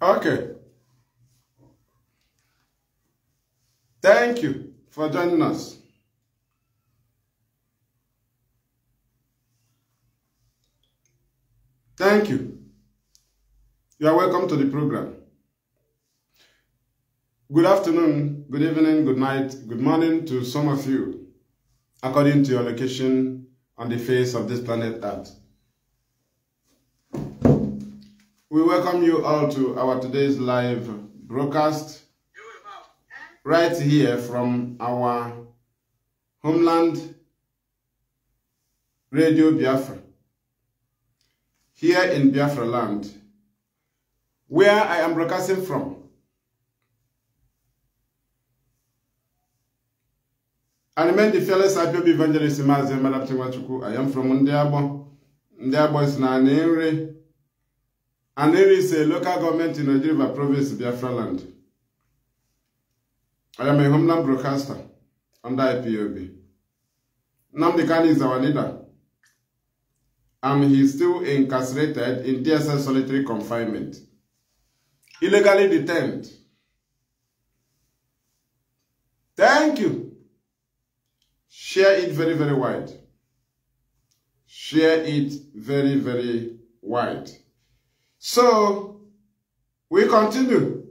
Okay. Thank you for joining us. Thank you. You are welcome to the program. Good afternoon, good evening, good night, good morning to some of you, according to your location on the face of this planet Earth. We welcome you all to our today's live broadcast right here from our homeland, Radio Biafra, here in Biafra land, where I am broadcasting from. I the fearless IPOB evangelist I am from Ndiabo. Ndiabo is Nani and there is a local government in Nigeria province, Biafra land. I am a homeland broadcaster under IPOB. Namdi Kani is our leader. And he's still incarcerated in TSS solitary confinement. Illegally detained. Thank you. Share it very, very wide. Share it very, very wide. So, we continue.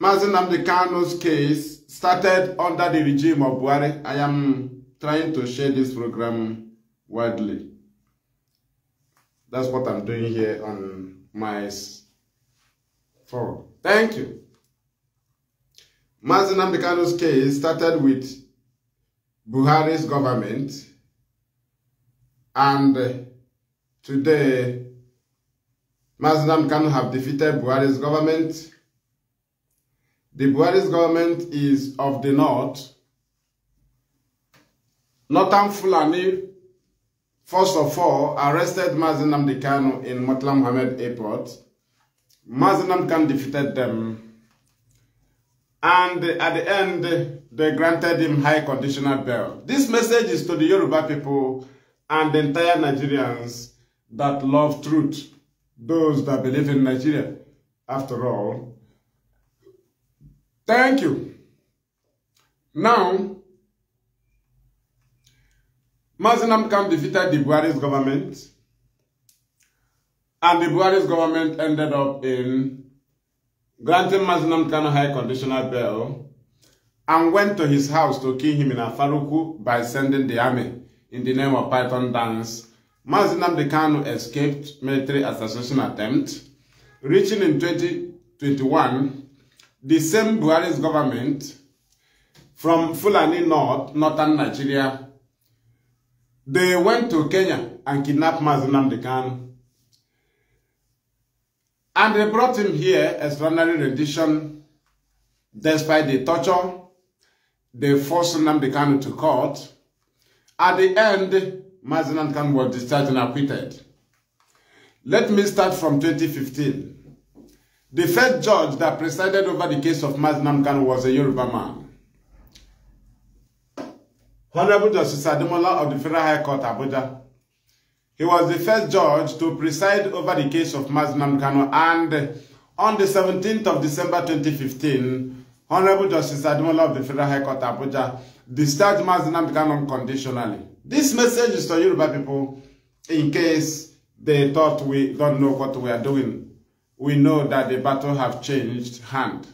Mazen Namdekano's case started under the regime of Buhari. I am trying to share this program widely. That's what I'm doing here on my forum. Thank you. Mazen Namdekano's case started with Buhari's government and today Mazlam can have defeated Buhari's government. The Buhari's government is of the north. Northern Fulani, first of all, arrested Mazinam Dekano in Motla Mohammed Airport. Mazinam can defeated them. And at the end, they granted him high conditional bail. This message is to the Yoruba people and the entire Nigerians that love truth those that believe in Nigeria, after all. Thank you. Now, Mazinam can defeated the Buhari's government, and the Buhari's government ended up in granting Mazinam a high conditional bail and went to his house to kill him in Afaruku by sending the army in the name of Python dance Mazi Namdekanu escaped military assassination attempt. Reaching in 2021, the same Buhari's government from Fulani North, northern Nigeria, they went to Kenya and kidnapped Mazi Namdekanu. And they brought him here, extraordinary rendition, despite the torture. They forced Namdekanu to court. At the end, Mazinan Khan was discharged and acquitted. Let me start from 2015. The first judge that presided over the case of Mazinam Khan was a Yoruba man. Honorable Justice Ademola of the Federal High Court, Abuja. He was the first judge to preside over the case of Mazinam Khan and on the 17th of December 2015, Honorable Justice Ademola of the Federal High Court, Abuja, discharged Mazinam Khan unconditionally. This message is to Yoruba people in case they thought we don't know what we are doing. We know that the battle have changed hand.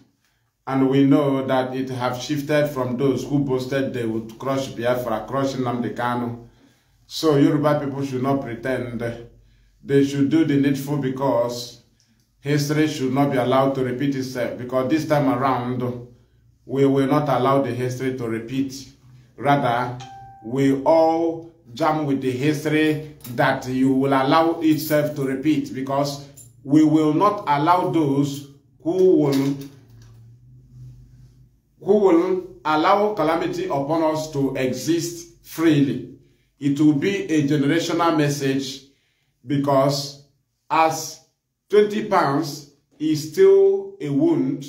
And we know that it have shifted from those who boasted they would crush Biafra, crush Namdekano. So Yoruba people should not pretend. They should do the needful because history should not be allowed to repeat itself. Because this time around, we will not allow the history to repeat. Rather, we all jam with the history that you will allow itself to repeat because we will not allow those who will who will allow calamity upon us to exist freely. It will be a generational message because as 20 pounds is still a wound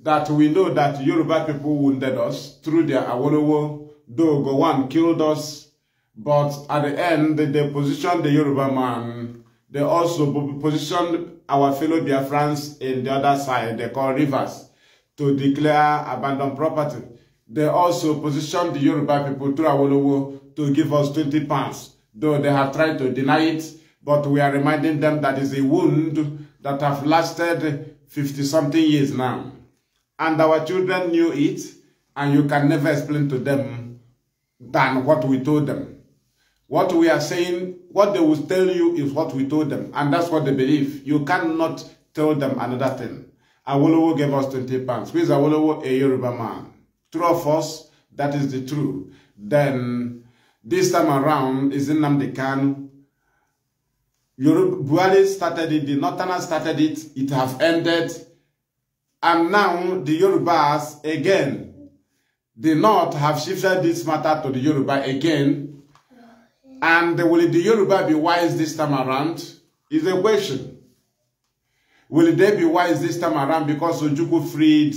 that we know that Yoruba people wounded us through their Awolowo though Gowon killed us, but at the end, they positioned the Yoruba man. They also positioned our fellow Biafrans in the other side, they call rivers, to declare abandoned property. They also positioned the Yoruba people through Awolowo to give us 20 pounds, though they have tried to deny it, but we are reminding them that is a wound that have lasted 50-something years now. And our children knew it, and you can never explain to them than what we told them. What we are saying, what they will tell you is what we told them. And that's what they believe. You cannot tell them another thing. Awolowo gave us 20 pounds. Who is Awolowo? A Yoruba man. True of us, that is the truth. Then, this time around, is in Namdekan. Yoruba, started it, the Northerners started it, it have ended. And now, the Yorubas, again, the North have shifted this matter to the Yoruba again. And will the Yoruba be wise this time around? Is a question. Will they be wise this time around because Ojuku freed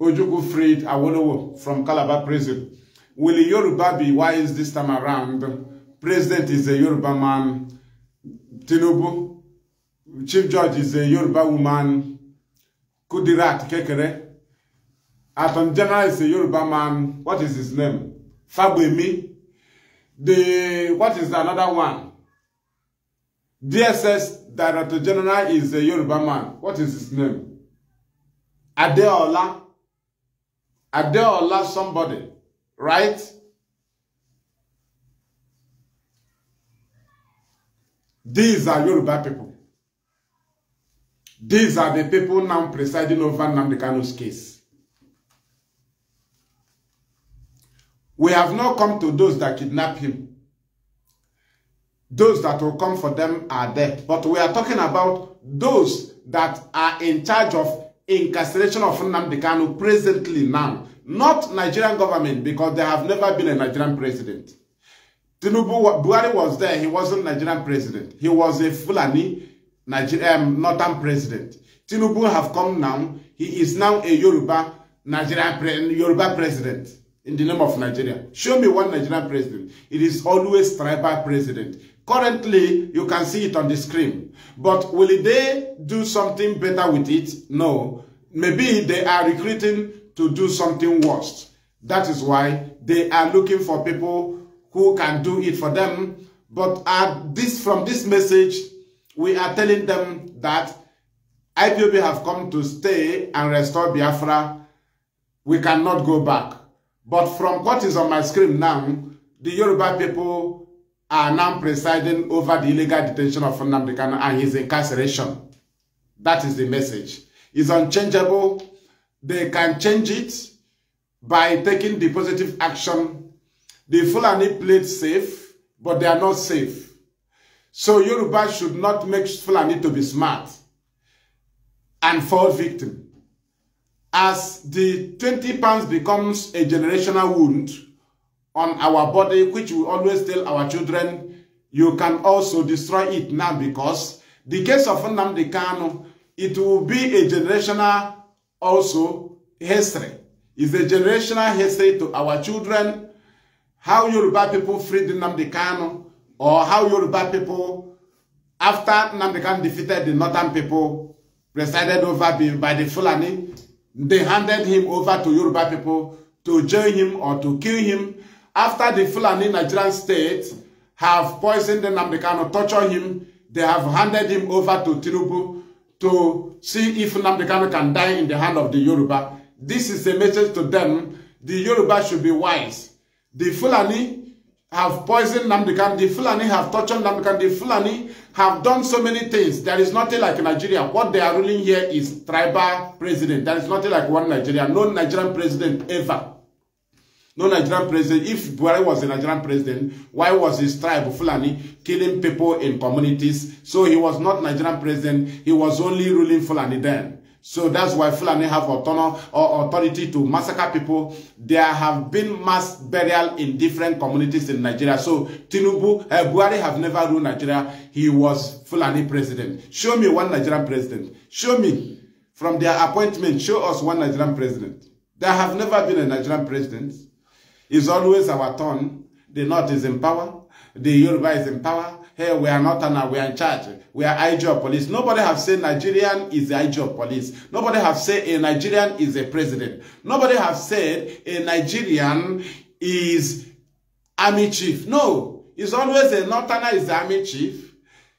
Ojuku freed Awolowo from Calabar prison? Will the Yoruba be wise this time around? President is a Yoruba man. Tinubu, Chief Judge is a Yoruba woman. Kudirat Kekere Attorney is a Yoruba man. What is his name? Fabwemi. The what is another one? DSS Director General is a Yoruba man. What is his name? Adeola. Adeola somebody, right? These are Yoruba people. These are the people now presiding over Namdekano's case. We have not come to those that kidnap him. Those that will come for them are dead. But we are talking about those that are in charge of incarceration of Nnamdi Kanu presently now. Not Nigerian government because there have never been a Nigerian president. Tinubu, Buhari was there. He wasn't Nigerian president. He was a Fulani um, northern president. Tinubu have come now. He is now a Yoruba Nigerian pre Yoruba president. in the name of Nigeria. Show me one Nigerian president. It is always tribal president. Currently, you can see it on the screen. But will they do something better with it? No. Maybe they are recruiting to do something worse. That is why they are looking for people who can do it for them. But at this, from this message, we are telling them that IPOB have come to stay and restore Biafra. We cannot go back. But from what is on my screen now, the Yoruba people are now presiding over the illegal detention of Nnamdi and his incarceration. That is the message. It's unchangeable. They can change it by taking the positive action. The Fulani played safe, but they are not safe. So Yoruba should not make Fulani to be smart and fall victim as the 20 pounds becomes a generational wound on our body, which we always tell our children, you can also destroy it now because the case of Nnamdi Kanu, it will be a generational also history. It's a generational history to our children, how Yoruba people freed Nnamdi Kanu, or how Yoruba people, after Nnamdi Kanu defeated the northern people, presided over by the Fulani, They handed him over to Yoruba people to join him or to kill him. After the Fulani Nigerian state have poisoned Nnamdi Kanu, tortured him, they have handed him over to Tinubu to see if Nnamdi Kanu can die in the hand of the Yoruba. This is a message to them. The Yoruba should be wise. The Fulani have poisoned Nnamdi Kanu. The Fulani have tortured Nnamdi Kanu. The Fulani have done so many things. There is nothing like Nigeria. What they are ruling here is tribal president. There is nothing like one Nigeria. No Nigerian president ever. No Nigerian president. If Buhari was a Nigerian president, why was his tribe Fulani killing people in communities? So he was not Nigerian president. He was only ruling Fulani then. So that's why Fulani have authority to massacre people. There have been mass burial in different communities in Nigeria. So Tinubu, uh, Buhari have never ruled Nigeria. He was Fulani president. Show me one Nigerian president. Show me from their appointment. Show us one Nigerian president. There have never been a Nigerian president. It's always our turn. The North is in power. The Yoruba is in power hey, we are not an, we are in charge. We are IGO police. Nobody have said Nigerian is the IGO police. Nobody have said a Nigerian is a president. Nobody have said a Nigerian is army chief. No, it's always a northerner is the army chief.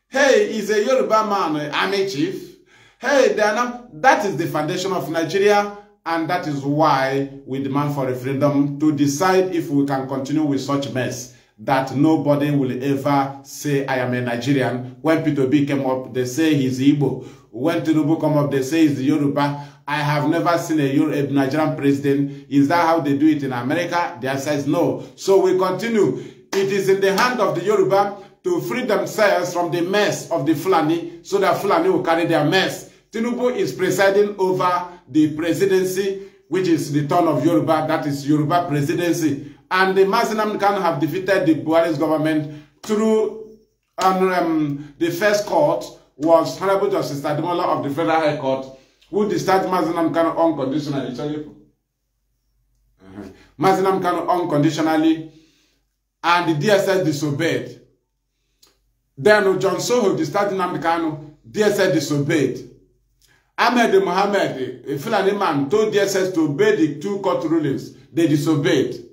Hey, is a Yoruba man uh, army chief. Hey, they are not, that is the foundation of Nigeria. And that is why we demand for referendum to decide if we can continue with such mess that nobody will ever say I am a Nigerian. When Peter B came up, they say he's Igbo. When Tinubu come up, they say he's Yoruba. I have never seen a, Euro a Nigerian president. Is that how they do it in America? The says no. So we continue. It is in the hand of the Yoruba to free themselves from the mess of the Fulani so that Fulani will carry their mess. Tinubu is presiding over the presidency, which is the turn of Yoruba. That is Yoruba presidency and the Mazinam can have defeated the Buhari's government through um, um, the first court was Honorable Justice Ademola of the Federal High Court, who discharged Mazinam Kano unconditionally. Sorry. Uh -huh. Mazinam Kano unconditionally, and the DSS disobeyed. Then John Soho discharged Nnamdi Kano, DSS disobeyed. Ahmed Mohammed, a Fulani man, told DSS to obey the two court rulings. They disobeyed.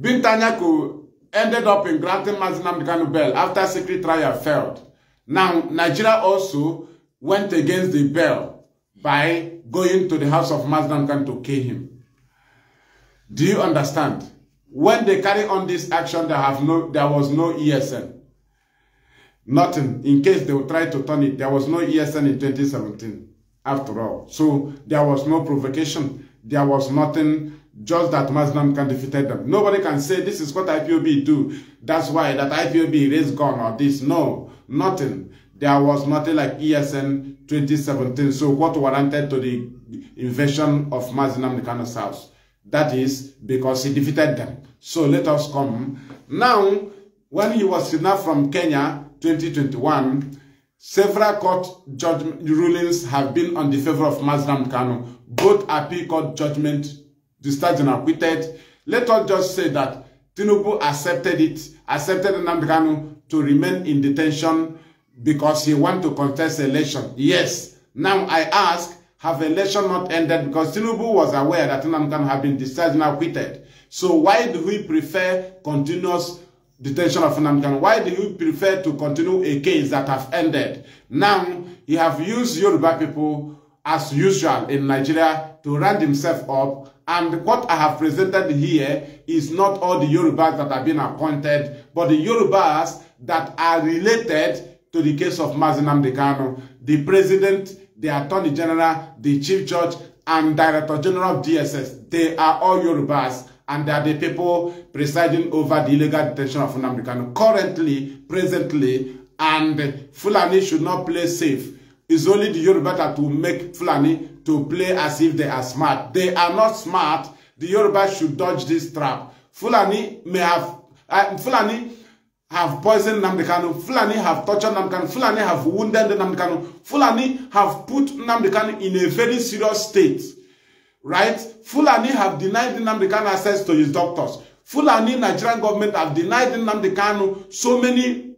Bintanyaku ended up in granting Mazinam Dikanu bail after secret trial failed. Now, Nigeria also went against the bail by going to the house of Mazinam Dikanu to kill him. Do you understand? When they carry on this action, they have no, there was no ESN. Nothing. In case they would try to turn it, there was no ESN in 2017 after all. So there was no provocation. There was nothing just that Muslim can defeat them. Nobody can say this is what IPOB do. That's why that IPOB raised gun or this. No, nothing. There was nothing like ESN 2017. So what warranted to the invasion of Muslim Kano's house? That is because he defeated them. So let us come. Now, when he was kidnapped from Kenya 2021, several court judgment rulings have been on the favor of Muslim Kano. Both appeal court judgment the Stajina acquitted. Let us just say that Tinubu accepted it, accepted Nnamdi to remain in detention because he want to contest election. Yes. Now I ask, have election not ended? Because Tinubu was aware that Nnamdi had been discharged and acquitted? So why do we prefer continuous detention of Nnamdi Why do we prefer to continue a case that have ended? Now, he have used Yoruba people as usual in Nigeria to round himself up And what I have presented here is not all the Yorubas that have been appointed, but the Yorubas that are related to the case of Mazinam Dekano, the president, the attorney general, the chief judge, and director general of DSS. They are all Yorubas and they are the people presiding over the illegal detention of Fulani Dekano currently, presently, and Fulani should not play safe. It's only the Yoruba that will make Fulani to play as if they are smart. They are not smart. The Yoruba should dodge this trap. Fulani may have, uh, Fulani have poisoned Namdekanu. Fulani have tortured Namdekanu. Fulani have wounded Namdekanu. Fulani have put Namdekanu in a very serious state. Right? Fulani have denied Namdekanu access to his doctors. Fulani Nigerian government have denied Namdekanu so many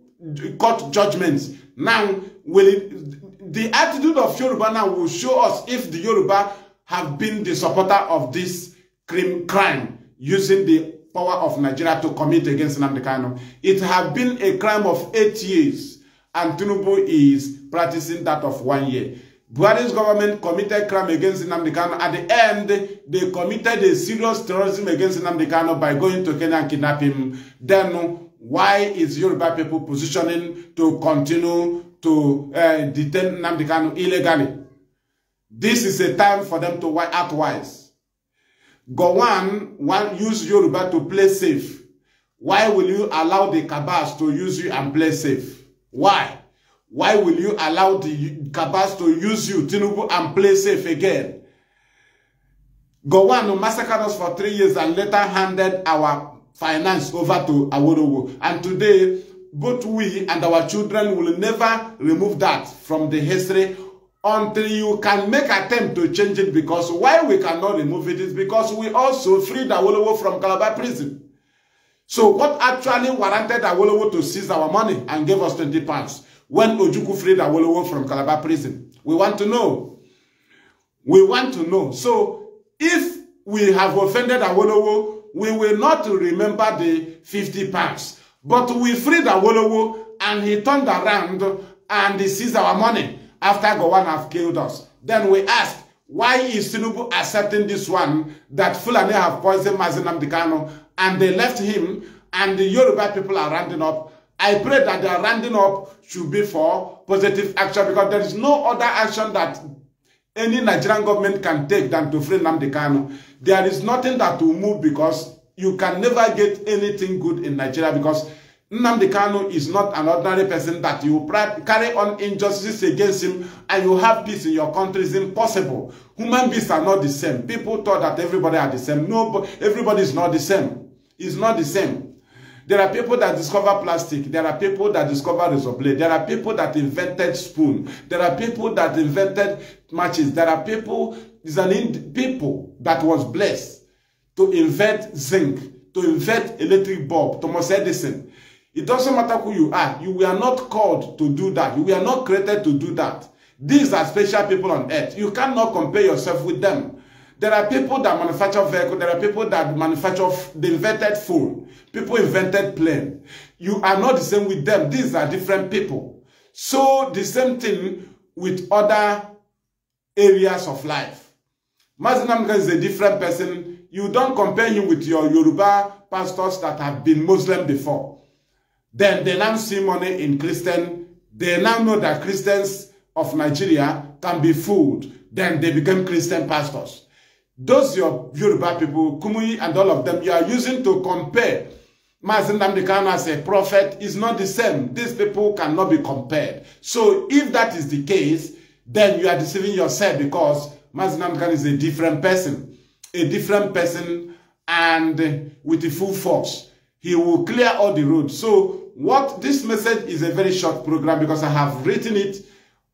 court judgments. Now, will it, the attitude of Yoruba now will show us if the Yoruba have been the supporter of this crime using the power of Nigeria to commit against Nnamdi Kanu. It have been a crime of eight years, and Tinubu is practicing that of one year. Buhari's government committed crime against Nnamdi Kanu. At the end, they committed a serious terrorism against Nnamdi Kanu by going to Kenya and kidnapping him. Then, why is Yoruba people positioning to continue to uh, detain Nnamdi Kanu illegally. This is a time for them to act wise. Gowan, one use Yoruba to play safe. Why will you allow the cabas to use you and play safe? Why? Why will you allow the cabas to use you, Tinubu, and play safe again? Gowan massacred us for three years and later handed our finance over to Awolowo. And today, both we and our children will never remove that from the history until you can make attempt to change it because why we cannot remove it is because we also freed Awolowo from Calabar prison. So what actually warranted Awolowo to seize our money and gave us 20 pounds when Ojuku freed Awolowo from Calabar prison? We want to know. We want to know. So if we have offended Awolowo, we will not remember the 50 pounds. But we freed Awolowo and he turned around and he seized our money after Gowon have killed us. Then we asked, why is Tinubu accepting this one that Fulani have poisoned Mazinam Dikano and they left him and the Yoruba people are rounding up. I pray that their rounding up should be for positive action because there is no other action that any Nigerian government can take than to free Namdi There is nothing that will move because you can never get anything good in Nigeria because Nnamdi Kanu is not an ordinary person that you carry on injustices against him and you have peace in your country is impossible. Human beings are not the same. People thought that everybody are the same. No, everybody is not the same. It's not the same. There are people that discover plastic. There are people that discover razor blade. There are people that invented spoon. There are people that invented matches. There are people, it's an people that was blessed to invent zinc, to invent electric bulb, Thomas Edison. It doesn't matter who you are. You were not called to do that. You were not created to do that. These are special people on earth. You cannot compare yourself with them. There are people that manufacture vehicle. There are people that manufacture, the invented phone. People invented plane. You are not the same with them. These are different people. So the same thing with other areas of life. Mazinamka is a different person You don't compare him with your Yoruba pastors that have been Muslim before. Then they now see money in Christian. They now know that Christians of Nigeria can be fooled. Then they become Christian pastors. Those your Yoruba people, Kumuyi and all of them, you are using to compare Mazin as a prophet is not the same. These people cannot be compared. So if that is the case, then you are deceiving yourself because Mazin is a different person. a different person and with the full force. He will clear all the roads. So what this message is a very short program because I have written it,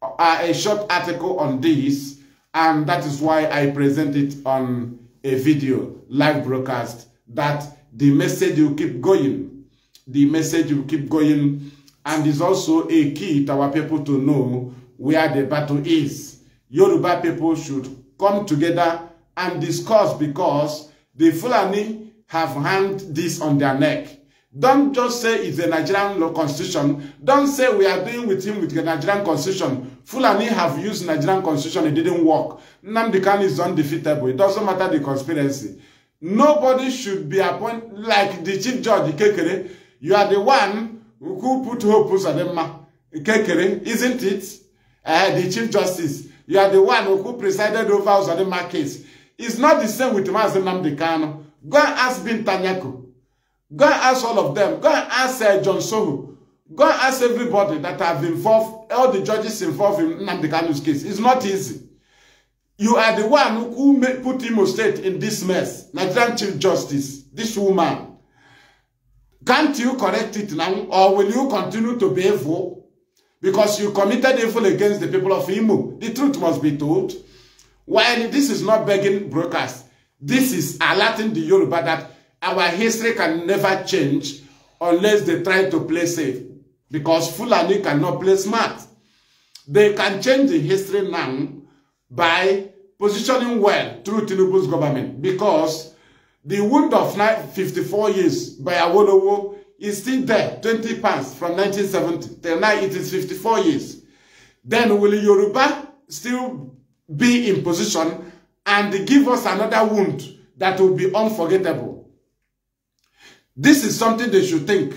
uh, a short article on this, and that is why I present it on a video, live broadcast, that the message will keep going. The message will keep going and is also a key to our people to know where the battle is. Yoruba people should come together and discuss because the Fulani have hand this on their neck. Don't just say it's the Nigerian law constitution. Don't say we are doing with him with the Nigerian constitution. Fulani have used Nigerian constitution. It didn't work. Nnamdi Kanu is undefeatable. It doesn't matter the conspiracy. Nobody should be appointed like the chief judge Kekere. You are the one who put hope Usadema. Kekere, isn't it? Uh, the chief justice. You are the one who presided over Usadema case. It's not the same with Mazen Namdekano. Go and ask Bintanyaku. Go and ask all of them. Go and ask uh, John Sohu. Go and ask everybody that have involved, all the judges involved in Namdekano's case. It's not easy. You are the one who put Imo State in this mess. Nigerian Chief Justice, this woman. Can't you correct it now or will you continue to be evil? Because you committed evil against the people of Imo. The truth must be told. While this is not begging brokers, this is alerting the Yoruba that our history can never change unless they try to play safe. Because Fulani cannot play smart. They can change the history now by positioning well through Tinubu's government because the wound of 54 years by Awolowo is still there, 20 pounds from 1970. Till now it is 54 years. Then will Yoruba still be in position and give us another wound that will be unforgettable. This is something they should think.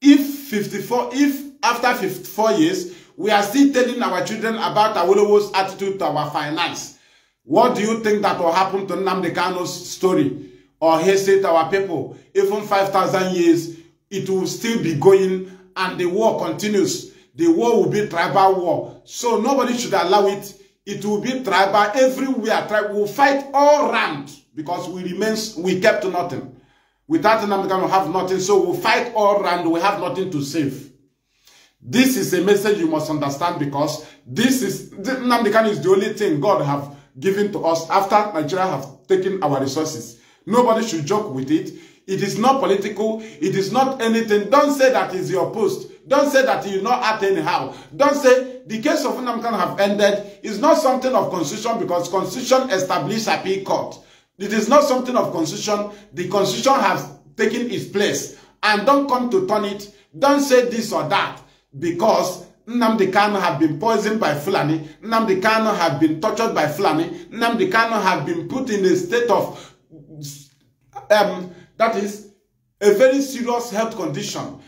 If 54, if after 54 years, we are still telling our children about Awolowo's attitude to our finance, what do you think that will happen to Namdekanos' story? Or he said our people, even 5,000 years, it will still be going and the war continues. The war will be tribal war. So nobody should allow it It will be tribal everywhere. Tribe will fight all round because we remains we kept nothing. Without Namika, we have nothing. So we fight all round. We have nothing to save. This is a message you must understand because this is Namdekan is the only thing God have given to us after Nigeria have taken our resources. Nobody should joke with it. It is not political. It is not anything. Don't say that is your post. Don't say that you not act anyhow. Don't say the case of Nnamkan have ended is not something of constitution because constitution established appeal court. It is not something of constitution. The constitution has taken its place. And don't come to turn it. Don't say this or that because Nnamdi Kanu have been poisoned by Fulani. Nnamdi Kanu have been tortured by Fulani. Nnamdi Kanu have been put in a state of, um, that is, a very serious health condition.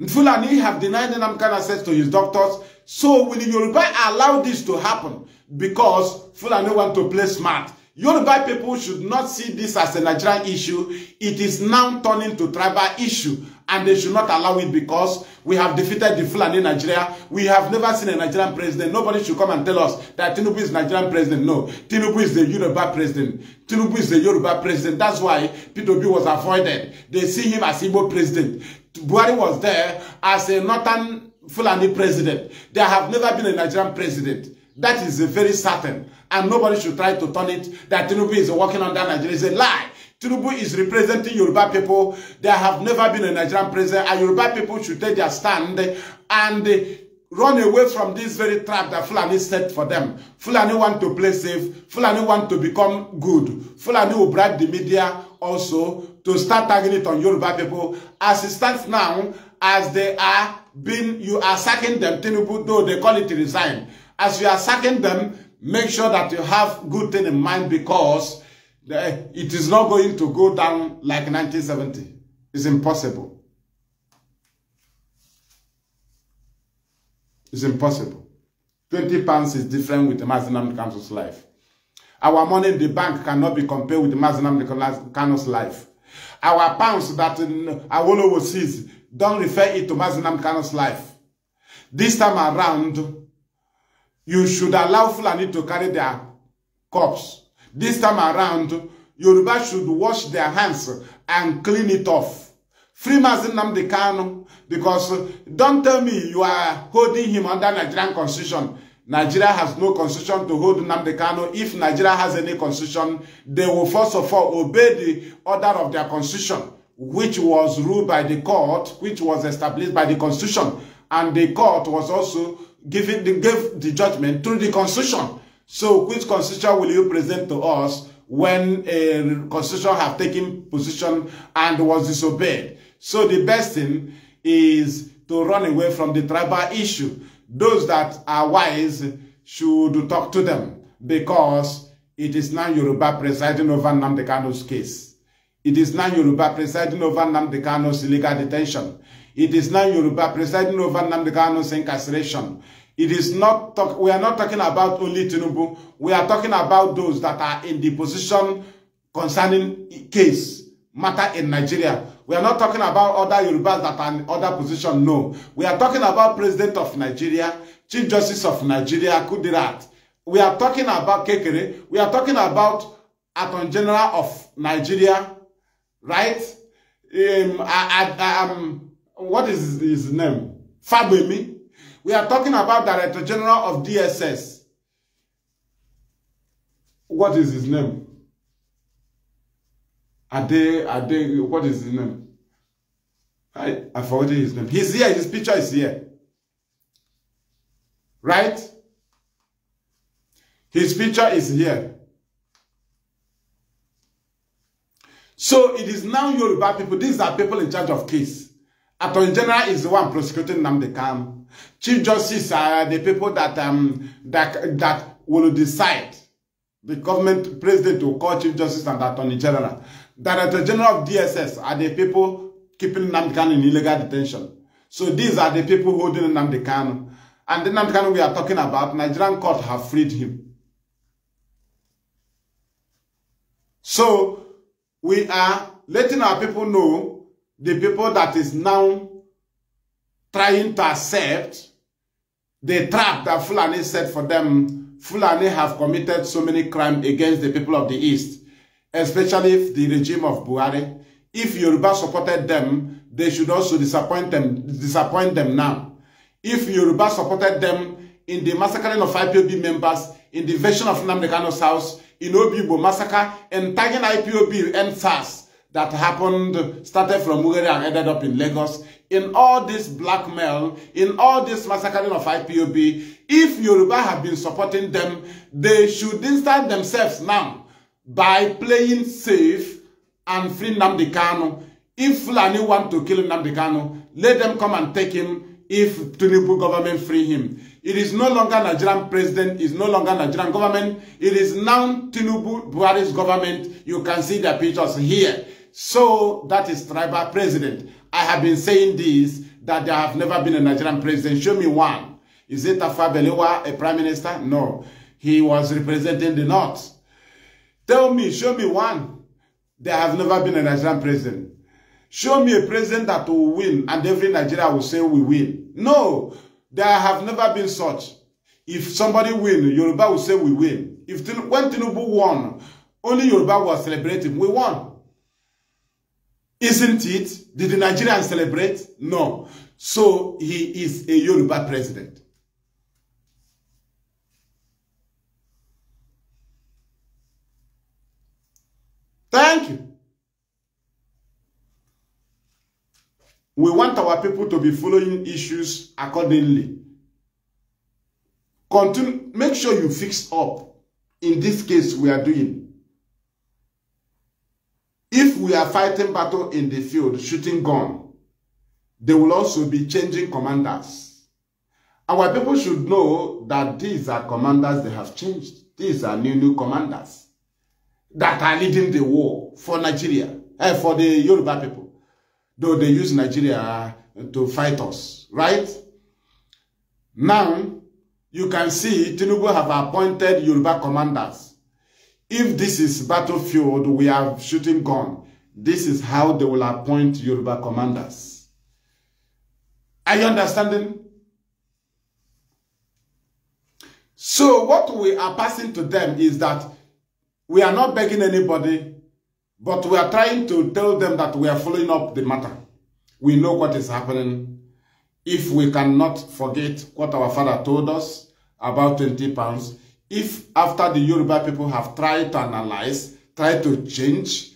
Nfulani have denied Nnamkan access to his doctors. So will Yoruba allow this to happen? Because Fulani want to play smart. Yoruba people should not see this as a Nigerian issue. It is now turning to tribal issue and they should not allow it because we have defeated the Fulani Nigeria. We have never seen a Nigerian president. Nobody should come and tell us that Tinubu is Nigerian president. No, Tinubu is the Yoruba president. Tinubu is the Yoruba president. That's why PWB was avoided. They see him as Igbo president. Buhari was there as a northern Fulani president. There have never been a Nigerian president. That is very certain. And nobody should try to turn it that Tinubu is working under Nigeria. It's a lie. Tinubu is representing Yoruba people. There have never been a Nigerian president. And Yoruba people should take their stand and run away from this very trap that Fulani set for them. Fulani want to play safe. Fulani want to become good. Fulani will bribe the media also to start targeting on Yoruba people as it stands now as they are being you are sacking them Tinubu though they call it resign as you are sacking them make sure that you have good thing in mind because eh, it is not going to go down like 1970 it's impossible it's impossible 20 pounds is different with the Mazinam Council's life our money in the bank cannot be compared with the Mazinam Council's life Our pounds that Awolowo sees, don't refer it to Mazinam Kano's life. This time around, you should allow Fulani to carry their cups. This time around, Yoruba should wash their hands and clean it off. Free Mazin Namdi Kano, because don't tell me you are holding him under Nigerian constitution. Nigeria has no constitution to hold Nnamdi Kanu. If Nigeria has any constitution, they will first of all obey the order of their constitution, which was ruled by the court, which was established by the constitution. And the court was also giving the, gave the judgment through the constitution. So which constitution will you present to us when a constitution have taken position and was disobeyed? So the best thing is to run away from the tribal issue. Those that are wise should talk to them because it is now Yoruba presiding over Namdekano's case. It is now Yoruba presiding over Namdekano's illegal detention. It is now Yoruba presiding over Namdekano's incarceration. It is not talk we are not talking about only Tinubu. We are talking about those that are in the position concerning case matter in Nigeria. We are not talking about other Yorubas that are in other position, no. We are talking about President of Nigeria, Chief Justice of Nigeria, Kudirat. We are talking about Kekere. We are talking about Attorney General of Nigeria, right? Um, I, I, um, what is his name? Fabemi. We are talking about Director General of DSS. What is his name? Ade, Ade, what is his name? I, I forgot his name. He's here, his picture is here. Right? His picture is here. So it is now Yoruba people. These are people in charge of case. Attorney General is the one prosecuting Namdekam. Chief Justice are the people that um that that will decide. The government president will call Chief Justice and Attorney General. Director General of DSS are the people keeping Namdekan in illegal detention. So these are the people holding Namdekan. And the Namdekan we are talking about, Nigerian court have freed him. So we are letting our people know the people that is now trying to accept the trap that Fulani set for them. Fulani have committed so many crimes against the people of the East especially if the regime of Buhari. If Yoruba supported them, they should also disappoint them, disappoint them now. If Yoruba supported them in the massacring of IPOB members, in the invasion of Namdekano's house, in Obibo massacre, and tagging IPOB and SARS that happened, started from Ugere and ended up in Lagos, in all this blackmail, in all this massacring of IPOB, if Yoruba have been supporting them, they should distance themselves now by playing safe and free Namdi Kanu. If Fulani want to kill Namdi Kanu, let them come and take him if Tinubu government free him. It is no longer Nigerian president, it is no longer Nigerian government. It is now Tinubu Buhari's government. You can see their pictures here. So that is tribal president. I have been saying this, that there have never been a Nigerian president. Show me one. Is it Tafa a prime minister? No. He was representing the North. Tell me, show me one. There has never been a Nigerian president. Show me a president that will win and every Nigeria will say we win. No, there have never been such. If somebody win, Yoruba will say we win. If when Tinubu won, only Yoruba was celebrating. We won. Isn't it? Did the Nigerians celebrate? No. So he is a Yoruba president. Thank you. We want our people to be following issues accordingly. Continue, make sure you fix up. In this case, we are doing. If we are fighting battle in the field, shooting gun, they will also be changing commanders. Our people should know that these are commanders they have changed. These are new, new commanders. that are leading the war for Nigeria, eh, for the Yoruba people, though they use Nigeria uh, to fight us, right? Now, you can see Tinubu have appointed Yoruba commanders. If this is battlefield, we have shooting gun. This is how they will appoint Yoruba commanders. Are you understanding? So what we are passing to them is that We are not begging anybody, but we are trying to tell them that we are following up the matter. We know what is happening. If we cannot forget what our father told us about 20 pounds, if after the Yoruba people have tried to analyze, tried to change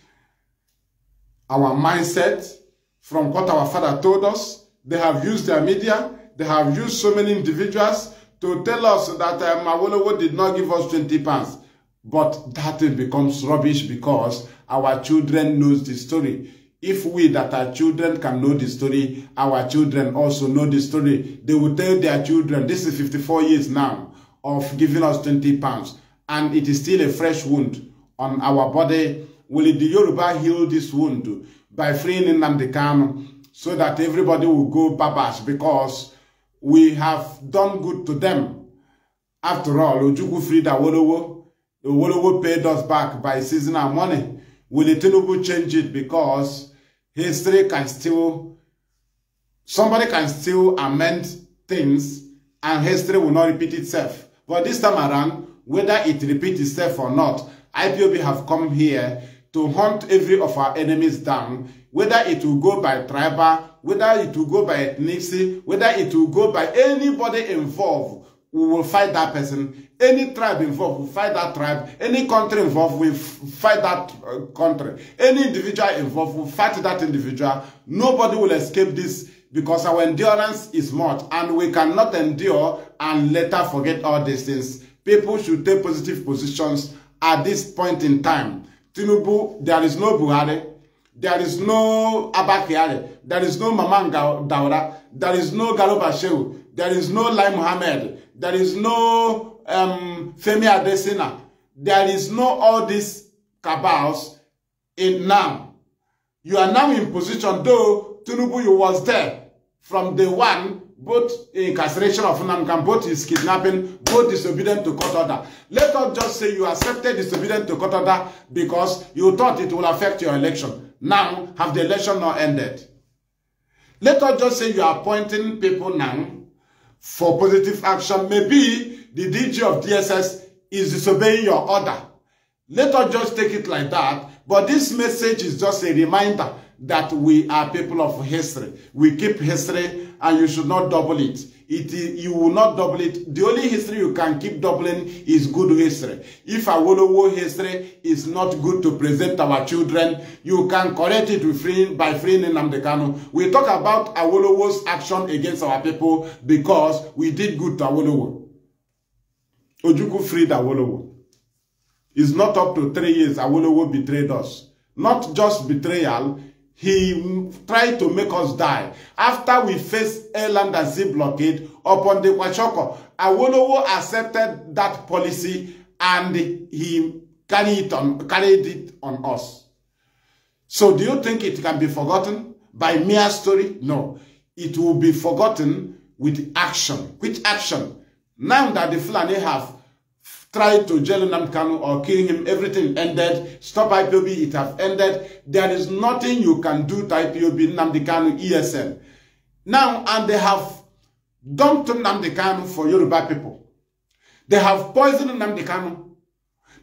our mindset from what our father told us, they have used their media, they have used so many individuals to tell us that um, did not give us 20 pounds. But that thing becomes rubbish because our children knows the story. If we that are children can know the story, our children also know the story. They will tell their children, this is 54 years now of giving us 20 pounds. And it is still a fresh wound on our body. Will the Yoruba heal this wound by freeing Nnamdi Kanu so that everybody will go babas because we have done good to them. After all, Ojukwu freed Awolowo. Owolowo paid us back by seizing our money. Will Tinubu change it because history can still, somebody can still amend things and history will not repeat itself. But this time around, whether it repeats itself or not, IPOB have come here to hunt every of our enemies down, whether it will go by tribal, whether it will go by ethnicity, whether it will go by anybody involved, we will fight that person Any tribe involved, will fight that tribe. Any country involved, will fight that uh, country. Any individual involved, will fight that individual. Nobody will escape this because our endurance is much and we cannot endure and later forget all these things. People should take positive positions at this point in time. Tinubu, there is no Buhari. There is no Abakiare. There is no Maman Daura. There is no Galo Bashew. There is no Lai Muhammad. There is no um, Femi Adesina. There is no all these cabals in now. You are now in position, though Tinubu you was there from the one, both incarceration of Namkan, both his kidnapping, both disobedient to court order. Let us just say you accepted disobedient to court order because you thought it will affect your election. Now, have the election not ended? Let us just say you are appointing people now for positive action. Maybe the DG of DSS is disobeying your order. Let us just take it like that. But this message is just a reminder that we are people of history. We keep history and you should not double it. It is, you will not double it. The only history you can keep doubling is good history. If a Awolowo history is not good to present our children, you can correct it with free, by freeing Nnamdi Kanu. We talk about a Awolowo's action against our people because we did good to Awolowo. Ojukwu freed Awolowo. It's not up to three years Awolowo betrayed us. Not just betrayal, he tried to make us die. After we faced Eland and Sea blockade upon the Kwachoko, Awolowo accepted that policy and he carried it on, carried it on us. So do you think it can be forgotten by mere story? No. It will be forgotten with action. Which action? Now that the Fulani have tried to jail Namkanu or killing him, everything ended. Stop IPOB, it have ended. There is nothing you can do to IPOB, Namdekanu, ESN. Now, and they have dumped Namdekanu for Yoruba people. They have poisoned Namdekanu.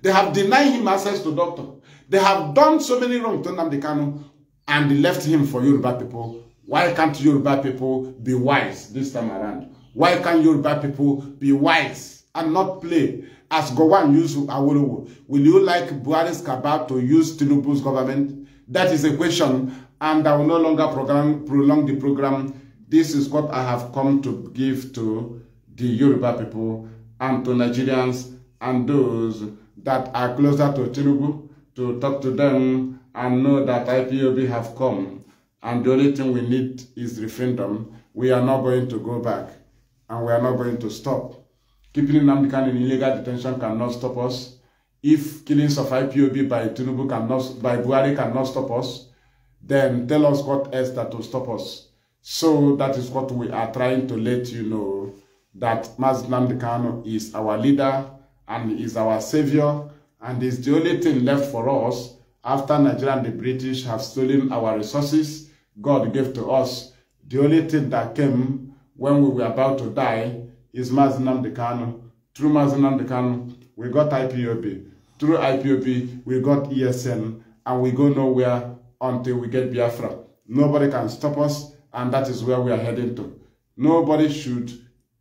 They have denied him access to doctor. They have done so many wrong to Namdekanu and left him for Yoruba people. Why can't Yoruba people be wise this time around? Why can't Yoruba people be wise and not play as Gowon used Awolowo? Will you like Buhari's cabal to use Tinubu's government? That is a question, and I will no longer program, prolong the program. This is what I have come to give to the Yoruba people and to Nigerians and those that are closer to Tinubu to talk to them and know that IPOB have come. And the only thing we need is referendum. We are not going to go back. and we are not going to stop. Keeping Namdekan in illegal detention cannot stop us. If killings of IPOB by Tinubu cannot, by Buhari cannot stop us, then tell us what else that will stop us. So that is what we are trying to let you know, that Mazdam Dekano is our leader and is our savior and is the only thing left for us after Nigeria and the British have stolen our resources God gave to us. The only thing that came when we were about to die is Mazinam Dekano. Through Mazinam Dekano, we got IPOB. Through IPOB, we got ESN, and we go nowhere until we get Biafra. Nobody can stop us, and that is where we are heading to. Nobody should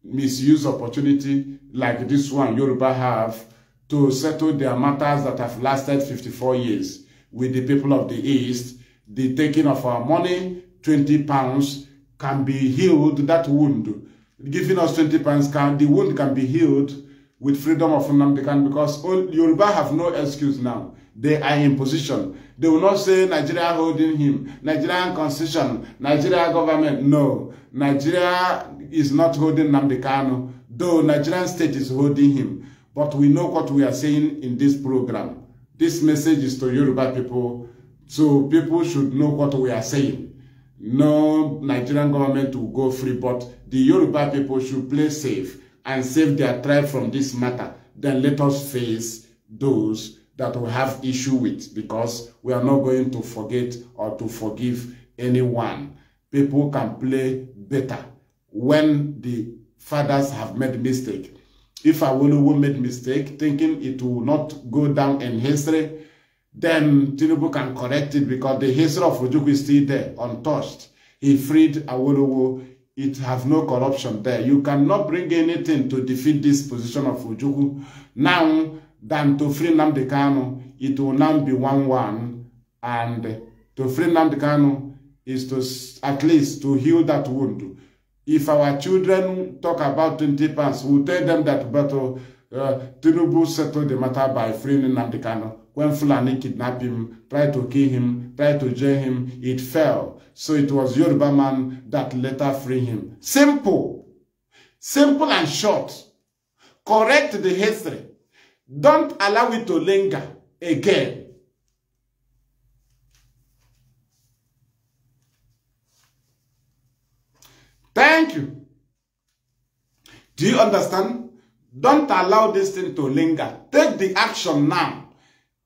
misuse opportunity like this one Yoruba have to settle their matters that have lasted 54 years with the people of the East, the taking of our money, 20 pounds, can be healed, that wound, giving us 20 pounds, can, the wound can be healed with freedom of Nnamdi because all, Yoruba have no excuse now. They are in position. They will not say Nigeria holding him, Nigerian constitution, Nigeria government. No, Nigeria is not holding Nnamdi though Nigerian state is holding him. But we know what we are saying in this program. This message is to Yoruba people, so people should know what we are saying no Nigerian government will go free, but the Yoruba people should play safe and save their tribe from this matter. Then let us face those that we have issue with because we are not going to forget or to forgive anyone. People can play better when the fathers have made mistake. If Awolowo made mistake, thinking it will not go down in history, Then Tinubu can correct it because the history of Ojukwu is still there, untouched. He freed Awolowo. It has no corruption there. You cannot bring anything to defeat this position of Ojukwu. Now, than to free Nnamdi it will now be 1-1. And to free Nnamdi is to at least to heal that wound. If our children talk about 20 pounds, we'll tell them that better uh, Tinubu settled the matter by freeing Nnamdi when Fulani kidnapped him, tried to kill him, tried to jail him, it fell. So it was Yoruba man that later freed him. Simple. Simple and short. Correct the history. Don't allow it to linger again. Thank you. Do you understand? Don't allow this thing to linger. Take the action now.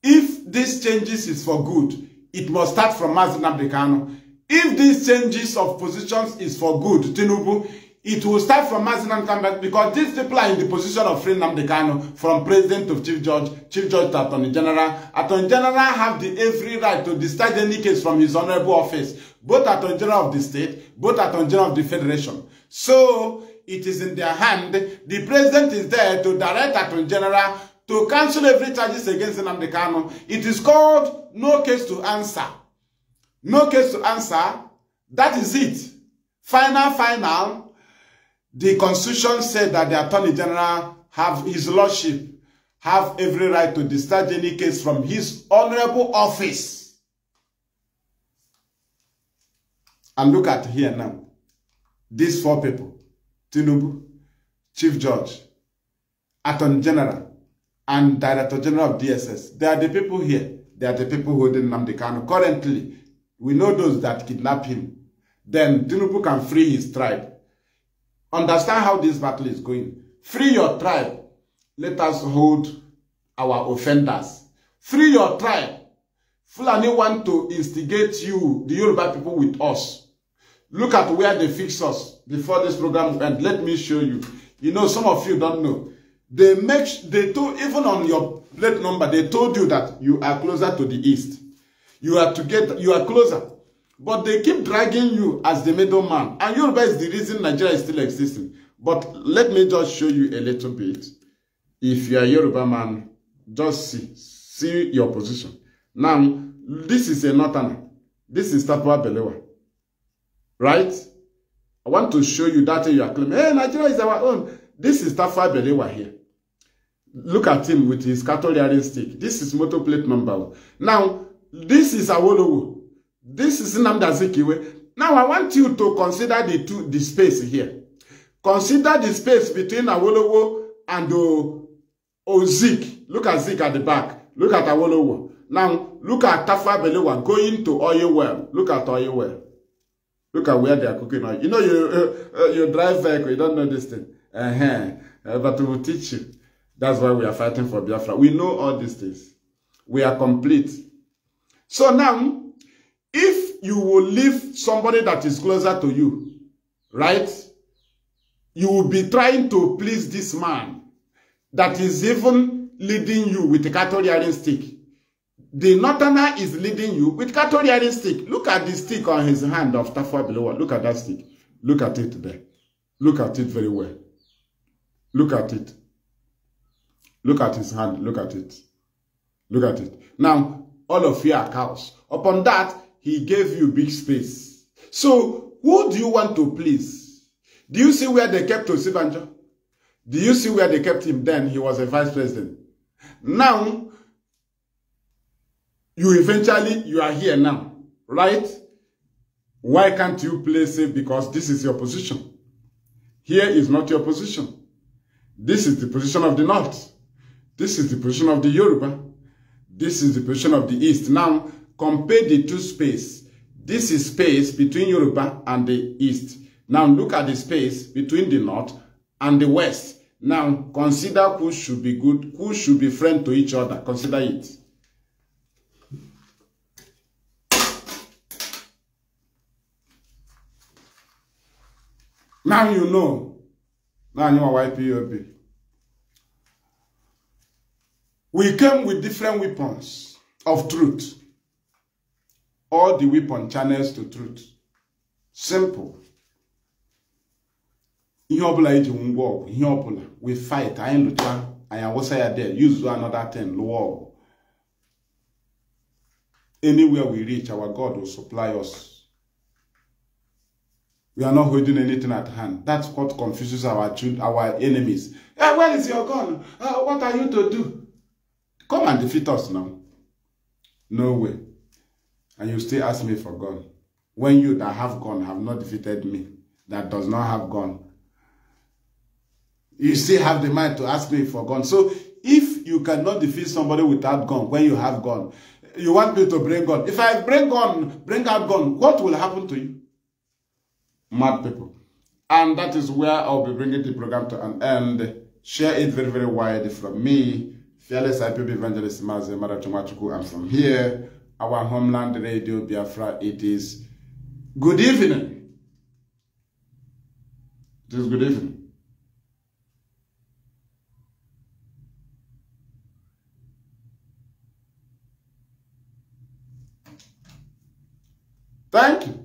If these changes is for good, it must start from Mazin Abdekano. If these changes of positions is for good, Tinubu, it will start from Mazin Abdekano because these people are in the position of free Namdekano from president to chief judge, chief judge to attorney general. Attorney general have the every right to discharge any case from his honorable office, both attorney general of the state, both attorney general of the federation. So, it is in their hand. The president is there to direct attorney general to cancel every charges against Nnamdi Kanu. It is called no case to answer. No case to answer. That is it. Final, final. The constitution said that the attorney general have his lordship have every right to discharge any case from his honorable office. And look at here now. These four people. Tinubu, Chief Judge, Attorney General, and Director General of DSS. They are the people here. They are the people holding Namdi Kanu. Currently, we know those that kidnap him. Then Tinubu can free his tribe. Understand how this battle is going. Free your tribe. Let us hold our offenders. Free your tribe. Fulani want to instigate you, the Yoruba people, with us. Look at where they fix us before this program and let me show you. You know, some of you don't know they make they told even on your plate number they told you that you are closer to the east you are to get you are closer but they keep dragging you as the middleman and Yoruba is the reason Nigeria is still existing but let me just show you a little bit if you are Yoruba man just see see your position now this is a northerner this is Tafawa Balewa right I want to show you that you are claiming hey Nigeria is our own this is Tafawa Balewa here Look at him with his cattle stick. This is motor plate number. Now, this is Awolowo. This is Nnamdi Azikiwe. Now, I want you to consider the two the space here. Consider the space between Awolowo and o, Ozik. Look at Zik at the back. Look at Awolowo. Now, look at Tafa Belewa going to Oyewell. Look at Oyewell. Look at where they are cooking You know, you, uh, uh, you drive vehicle, you don't know this thing. Uh -huh. uh, but we will teach you. That's why we are fighting for Biafra. We know all these things. We are complete. So now, if you will leave somebody that is closer to you, right? You will be trying to please this man that is even leading you with a cattle stick. The northerner is leading you with cattle stick. Look at the stick on his hand of Tafa below. Look at that stick. Look at it there. Look at it very well. Look at it. Look at his hand. Look at it. Look at it. Now, all of you are cows. Upon that, he gave you big space. So, who do you want to please? Do you see where they kept Osibanjo? Do you see where they kept him then? He was a vice president. Now, you eventually, you are here now, right? Why can't you place it? Because this is your position. Here is not your position. This is the position of the North. This is the position of the Yoruba. This is the position of the East. Now, compare the two space. This is space between Yoruba and the East. Now, look at the space between the North and the West. Now, consider who should be good, who should be friend to each other. Consider it. Now you know. Now you are YPOP. We came with different weapons of truth. All the weapon channels to truth. Simple. Ihe ọbụla iji e we fight, anyị lụcha, anyị awụsa there, use another ten. lụọ Anywhere we reach, our God will supply us. We are not holding anything at hand. That's what confuses our our enemies. Hey, eh, where is your gun? Uh, what are you to do? Come and defeat us now. No way. And you still ask me for gun. When you that have gun have not defeated me, that does not have gun. You still have the mind to ask me for gun. So if you cannot defeat somebody without gun, when you have gun, you want me to bring gun. If I bring gun, bring out gun, what will happen to you? Mad people. And that is where I'll be bringing the program to an end. Share it very, very wide from me. Fearless IPB Evangelist Maze Maratumatuku. I'm from here, our homeland radio, Biafra. It is good evening. It is good evening. Thank you.